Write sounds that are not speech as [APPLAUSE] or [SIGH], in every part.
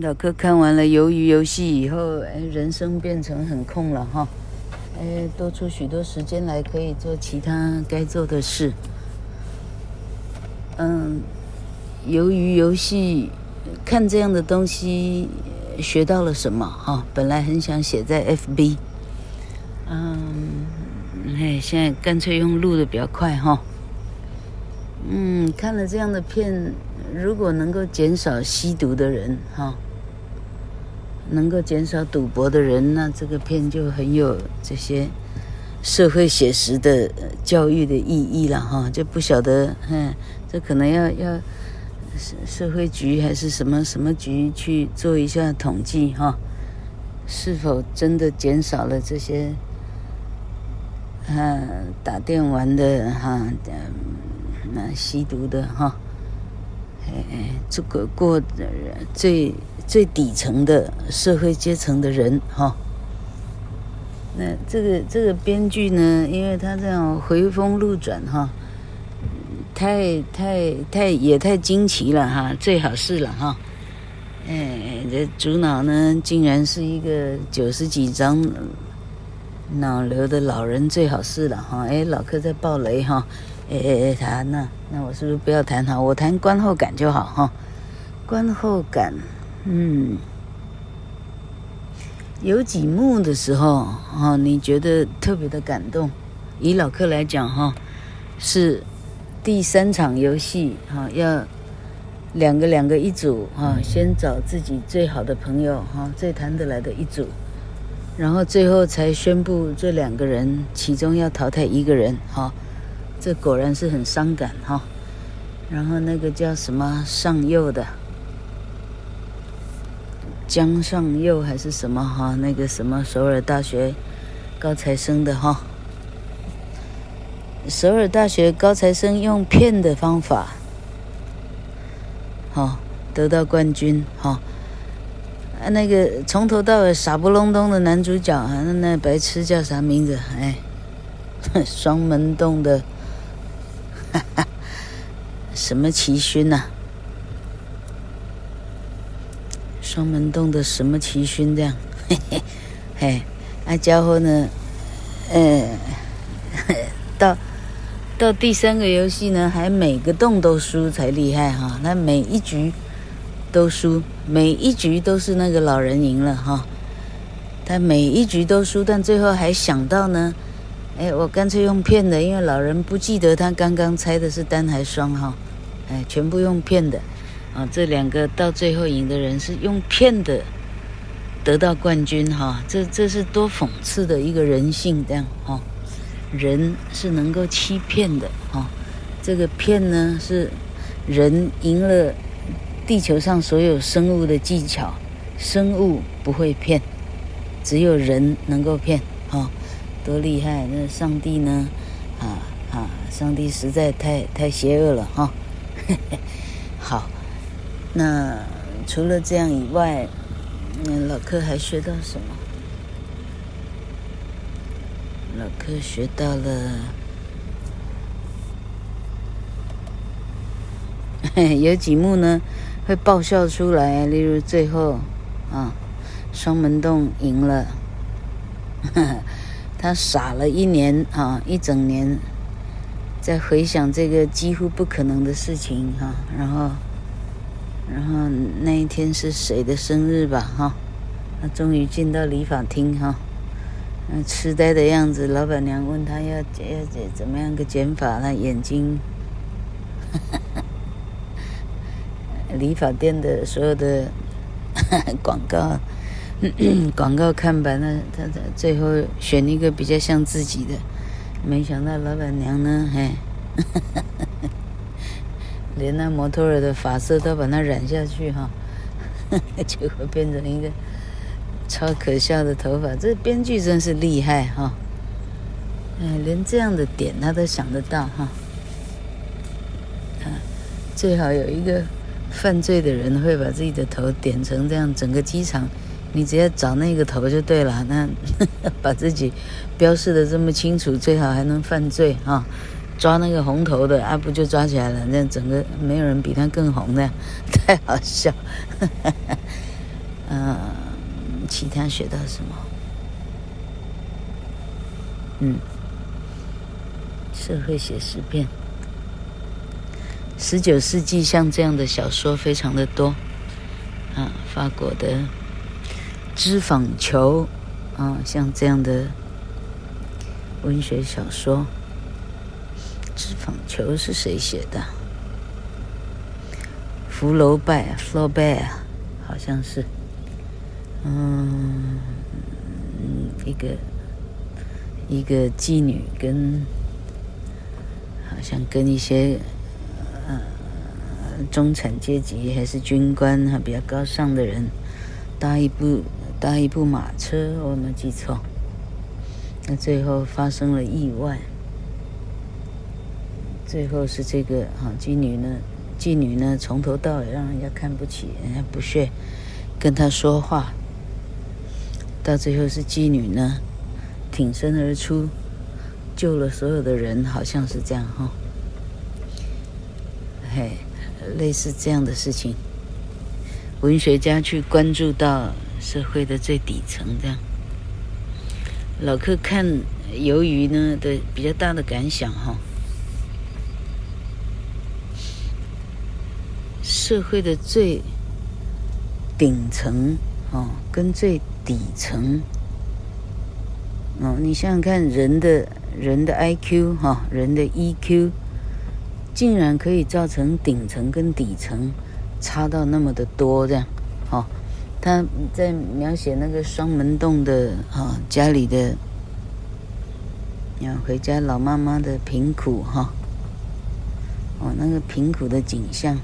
老柯看完了魷魚遊戲以後，哎，人生變成很空了哈，哎，多出許多時間來可以做其他該做的事。嗯，魷魚遊戲，看這樣的東西，學到了什麼哈？本來很想寫在 FB，嗯，嘿，現在乾脆用錄的比較快哈。嗯，看了這樣的片，如果能夠減少吸毒的人哈。能夠減少賭博的人，那這個片就很有這些社會寫實的教育的意義了哈。就不曉得，嗯，這可能要要社社會局還是什麼什麼局去做一下統計哈、哦，是否真的減少了這些嗯、啊、打電玩的哈、啊，嗯，吸毒的哈、哦，哎哎，這個過的人最。最底層的社會階層的人哈、哦，那這個這個編劇呢，因為他這樣回風路轉哈、哦，太太太也太驚奇了哈，最好是了哈、哦。哎，這主腦呢，竟然是一個九十幾張腦瘤的老人，最好是了哈、哦。哎，老客在爆雷哈、哦哎哎，哎，他那那我是不是不要談他？我談觀後感就好哈、哦，觀後感。嗯，有幾幕的時候哈，你覺得特別的感動。以老克來講哈，是第三場遊戲哈，要兩個兩個一組哈，先找自己最好的朋友哈，最談得來的一組，然後最後才宣布這兩個人其中要淘汰一個人哈。這果然是很傷感哈。然後那個叫什麼尚佑的。江上佑還是什麼哈？那個什麼首爾大學高材生的哈？首爾大學高材生用騙的方法好，得到冠軍哈？啊，那個從頭到尾傻不隆咚的男主角啊，那個、白痴叫啥名字？哎，雙門洞的，哈哈，什麼奇勳呢、啊雙門洞的什麼奇勳這樣、 [LAUGHS] 哎，嘿嘿嘿，那傢伙呢，呃、哎，到到第三個遊戲呢，還每個洞都輸才厲害哈。那每一局都輸，每一局都是那個老人贏了哈。他每一局都輸，但最後還想到呢，哎，我乾脆用騙的，因為老人不記得他剛剛猜的是單還雙哈，哎，全部用騙的。啊、哦，這兩個到最後贏的人是用騙的得到冠軍哈、哦，這這是多諷刺的一個人性這樣哈、哦，人是能夠欺騙的哈、哦，這個騙呢是人贏了地球上所有生物的技巧，生物不會騙，只有人能夠騙啊、哦，多厲害，那上帝呢啊啊，上帝實在太太邪惡了哈。哦呵呵那除了這樣以外，嗯，老柯還學到什麼？老柯學到了 [LAUGHS] 有幾幕呢，會爆笑出來，例如最後啊，雙門洞贏了， [LAUGHS] 他傻了一年啊，一整年，在回想這個幾乎不可能的事情啊，然後。然後那一天是誰的生日吧？哈、哦，他終於進到理髮廳哈，嗯、哦，癡呆的樣子。老闆娘問他要要怎怎麼樣個剪法，他眼睛，哈哈哈。理髮店的所有的呵呵廣告咳咳廣告看板，那他他最後選一個比較像自己的，沒想到老闆娘呢，還哈哈哈。呵呵連那模特兒的髮色都把它染下去哈，結果變成一個超可笑的頭髮。這編劇真是厲害哈、哦！哎，連這樣的點他都想得到哈。嗯、哦啊，最好有一個犯罪的人會把自己的頭點成這樣，整個機場你直接找那個頭就對了。那呵呵把自己標示的這麼清楚，最好還能犯罪哈。哦。抓那個紅頭的，啊不就抓起來了？那整個沒有人比他更紅的，太好笑，哈哈哈。嗯，其他學到什麼？嗯，社會寫實片，十九世紀像這樣的小說非常的多，啊，法國的《脂肪球》，啊，像這樣的文學小說。嗯，《網球》是誰寫的？福樓拜，福樓拜啊，好像是，嗯，一個一個妓女跟，好像跟一些呃中產階級還是軍官還啊，比較高尚的人搭一部搭一部馬車，我沒記錯，那最後發生了意外。最後是這個哈妓女呢，妓女呢從頭到尾讓人家看不起，人家不屑跟他說話。到最後是妓女呢挺身而出，救了所有的人，好像是這樣哈、哦。嘿，類似這樣的事情，文學家去關注到社會的最底層這樣。老克看魷魚呢的比較大的感想哈。哦社會的最頂層，哦，跟最底層，哦，你想想看人，人的人的 IQ 哈，哦，人的 EQ，竟然可以造成頂層跟底層差到那麼的多，這樣，哦，他在描寫那個雙門洞的啊，哦，家裡的，要回家老媽媽的貧苦哈，哦，哦，那個貧苦的景象。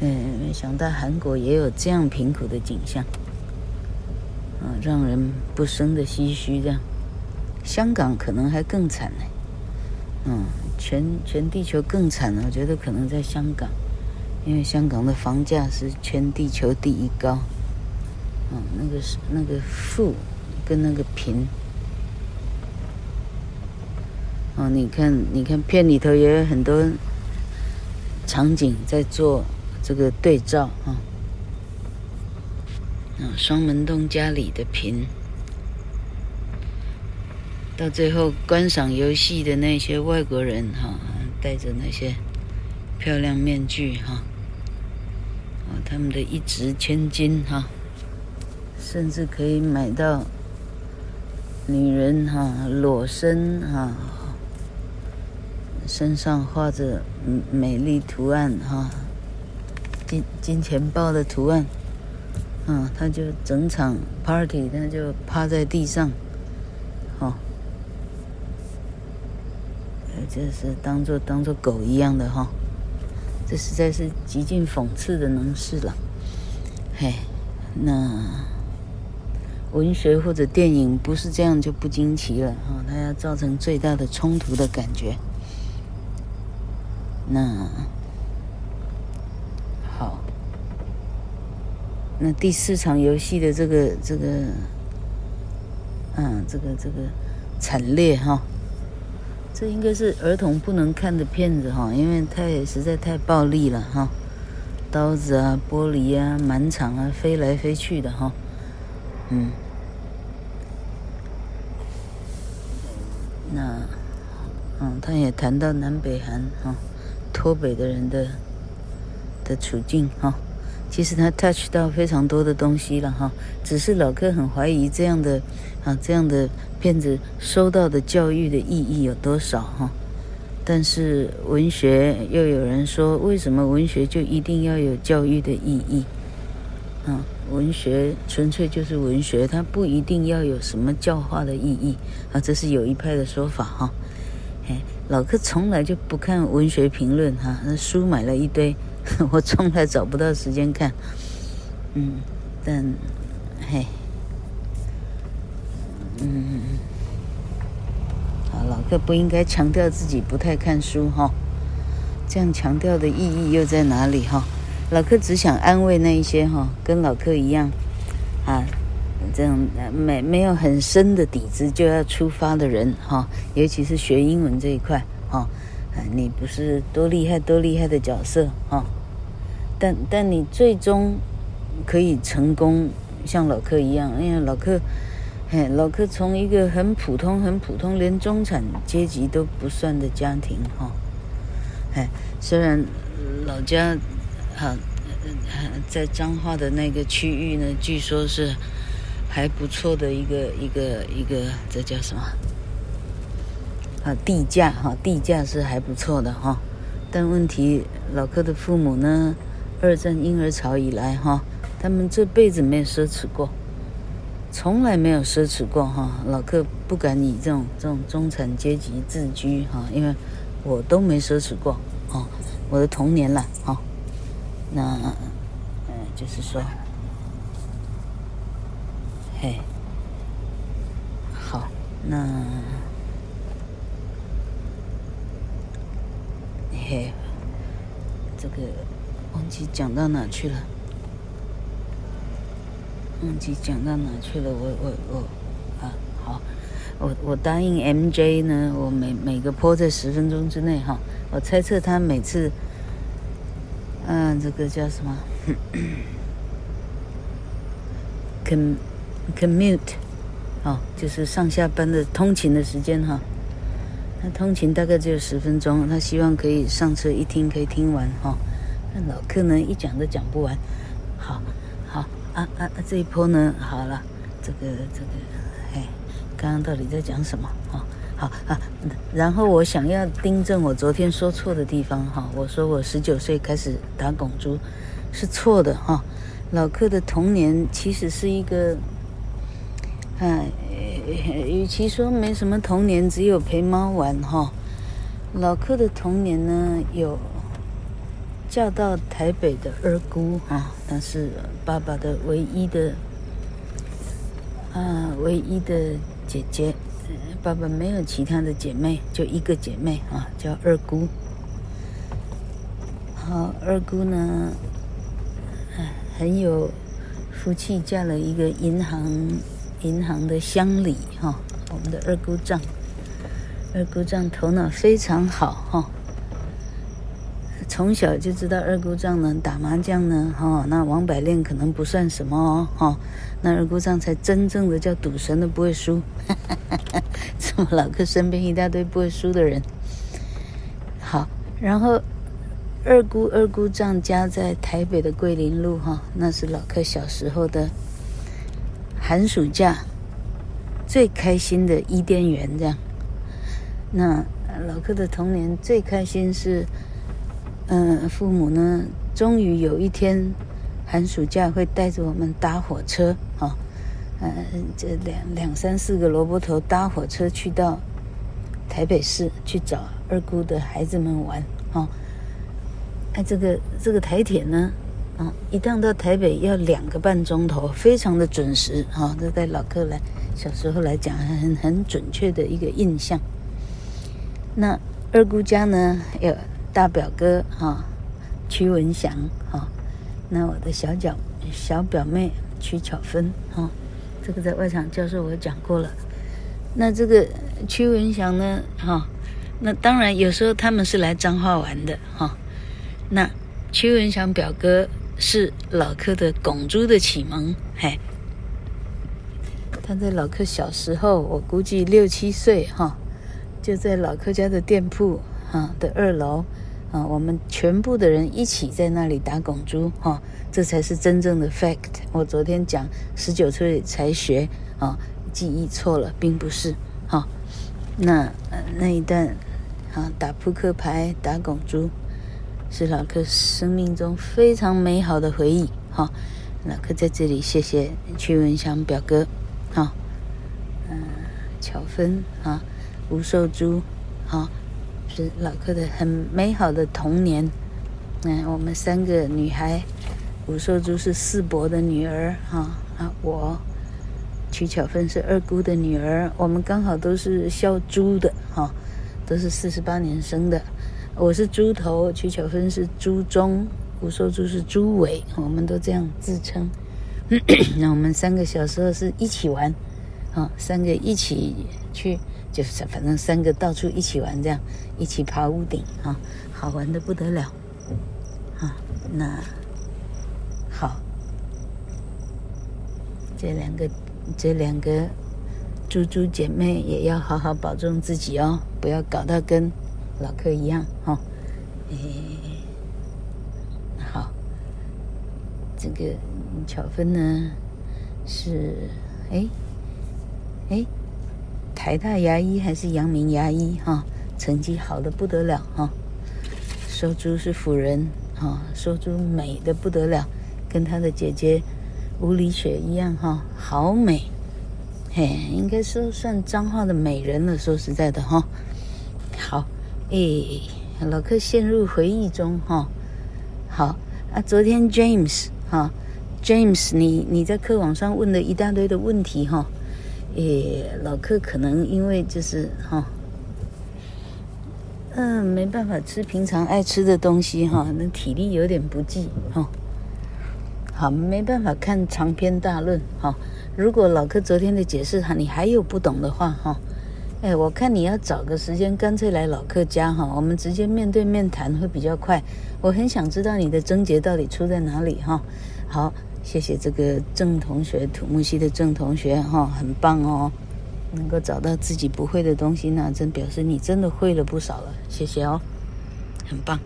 嗯，沒想到韓國也有這樣貧苦的景象，嗯、啊，讓人不勝的唏噓。這樣，香港可能還更慘呢。嗯、啊，全全地球更慘呢。我覺得可能在香港，因為香港的房價是全地球第一高。嗯、啊，那個是那個富跟那個貧。嗯、啊，你看，你看片裡頭也有很多場景在做。這個對照啊，嗯，雙門洞家裡的屏，到最後觀賞遊戲的那些外國人哈、啊，戴着那些漂亮面具哈、啊，他們的一擲千金哈、啊，甚至可以買到女人哈、啊，裸身哈、啊，身上畫着美麗圖案哈、啊。金金錢豹的圖案，啊，他就整場 party，他就趴在地上，哦。這是當做當做狗一樣的哈、哦，這實在是極盡諷刺的能事了，嘿，那文學或者電影不是這樣就不驚奇了，哦，它要造成最大的衝突的感覺，那。那第四場遊戲的這個這個，嗯、啊，這個這個慘烈哈、啊，這應該是兒童不能看的片子哈、啊，因為他也實在太暴力了哈、啊，刀子啊、玻璃啊、滿場啊飛來飛去的哈、啊，嗯，那，嗯、啊，他也談到南北韓哈、啊，脫北的人的的處境哈。啊其實他 touch 到非常多的東西了哈，只是老柯很懷疑這樣的啊這樣的片子收到的教育的意義有多少哈。但是文學又有人說，為什麼文學就一定要有教育的意義？嗯，文學純粹就是文學，它不一定要有什麼教化的意義啊，這是有一派的說法哈。哎，老柯從來就不看文學評論哈，那書買了一堆。 [LAUGHS] 我從來找不到時間看，嗯，但，嘿，嗯，好，老克不應該強調自己不太看書哈、哦，這樣強調的意義又在哪裡哈、哦？老克只想安慰那一些哈、哦，跟老克一樣，啊，這樣沒沒有很深的底子就要出發的人哈、哦，尤其是學英文這一塊哈、哦，啊，你不是多厲害多厲害的角色哈。哦但但你最終可以成功，像老柯一樣。因為老柯，哎，老柯從一個很普通、很普通，連中產階級都不算的家庭哈，哎、哦，雖然老家，哈，哈，在彰化的那個區域呢，據說是還不錯的一，一個一個一個，這叫什麼？啊，地價哈、啊，地價是還不錯的哈、哦。但問題，老柯的父母呢？二戰嬰兒潮以來，哈，他們這輩子沒有奢侈過，從來沒有奢侈過，哈。老客不敢以這種這種中產階級自居，哈，因為我都沒奢侈過，哦，我的童年了，哦。那，嗯，就是說，嘿，好，那，嘿，這個。忘記講到哪去了，忘記講到哪去了。我我我，啊，好，我我答應 MJ 呢。我每每個坡在十分鐘之內哈。我猜測他每次，嗯，這個叫什麼？commute，哦，就是上下班的通勤的時間哈。那通勤大概只有十分鐘，他希望可以上車一聽，可以聽完哈。那老客呢，一講都講不完。好，好啊啊啊！這一波呢，好了，這個這個，哎，剛剛到底在講什麼啊、哦？好啊，然後我想要訂正我昨天說錯的地方。哈、哦，我說我十九歲開始打拱豬是錯的。哈、哦，老克的童年其實是一個，哎、啊，與其說沒什麼童年，只有陪貓玩。哈、哦，老克的童年呢有。嫁到台北的二姑啊，她是爸爸的唯一的，啊唯一的姐姐。爸爸沒有其他的姐妹，就一個姐妹啊，叫二姑。好，二姑呢，哎、啊，很有福氣，嫁了一個銀行銀行的襄理哈、啊。我們的二姑丈，二姑丈頭腦非常好哈。啊從小就知道二姑丈能打麻將呢，哈、哦，那王百煉可能不算什麼哦，哦，那二姑丈才真正的叫賭神，都不會輸。哈哈哈哈哈！這麼老哥身邊一大堆不會輸的人？好，然後二姑二姑丈家在台北的桂林路，哈、哦，那是老哥小時候的寒暑假最開心的伊甸園，這樣。那老哥的童年最開心是。嗯，父母呢，終於有一天寒暑假會帶着我們搭火車，啊、哦、嗯，這、呃、兩兩三四個蘿蔔頭搭火車去到台北市去找二姑的孩子們玩，啊、哦、哎，這個這個台鐵呢，啊、哦，一趟到台北要兩個半鐘頭，非常的準時，啊、哦、這在老克萊小時候來講很很準確的一個印象。那二姑家呢，要、哎。大表哥哈，屈文祥哈，那我的小腳小、小表妹屈巧芬哈，這個在外場教授我講過了。那這個屈文祥呢哈，那當然有時候他們是來彰化玩的哈。那屈文祥表哥是老柯的拱豬的啟蒙，哎，他在老柯小時候，我估計六七歲哈，就在老柯家的店鋪。啊的二樓，啊，我們全部的人一起在那裡打拱豬，哈，這才是真正的 fact。我昨天講十九歲才學，啊，記憶錯了，並不是，哈。那那一段，啊，打撲克牌、打拱豬，是老克生命中非常美好的回憶，哈。老克在這裡謝謝屈文祥表哥，啊，嗯，巧芬，哈，吳壽珠，啊。是老哥的很美好的童年，嗯，我們三個女孩，吳壽珠是四伯的女兒啊，我曲巧芬是二姑的女兒，我們剛好都是肖豬的哈，都是四十八年生的，我是豬頭，曲巧芬是豬中，吳壽珠是豬尾，我們都這樣自稱。那 [COUGHS] 我們三個小時候是一起玩，啊，三個一起去。就是反正三個到處一起玩，這樣一起爬屋頂啊，好玩的不得了啊！那好，這兩個這兩個豬豬姐妹也要好好保重自己哦，不要搞到跟老柯一樣哈。誒。好，這個巧芬呢是哎哎。誒誒台大牙醫還是陽明牙醫哈，成績好得不得了哈，收租是輔仁哈，收租美得不得了，跟她的姐姐吳理雪一樣哈，好美，嘿，應該說算髒話的美人了，說實在的哈，好，哎、欸，老柯陷入回憶中哈，好啊，昨天 James 哈，James 你你在課網上問了一大堆的問題哈。也、哎，老客可能因為就是哈、哦，嗯，沒辦法吃平常愛吃的東西哈，那、哦、體力有點不濟哈、哦。好，沒辦法看長篇大論哈、哦。如果老客昨天的解釋哈，你還有不懂的話哈、哦，哎，我看你要找個時間，乾脆來老客家哈、哦，我們直接面對面談會比較快。我很想知道你的症結到底出在哪裡哈、哦。好。謝謝這個鄭同學，土木系的鄭同學哈，哦，很棒哦，能夠找到自己不會的東西啊，那真表示你真的會了不少了，謝謝哦，很棒。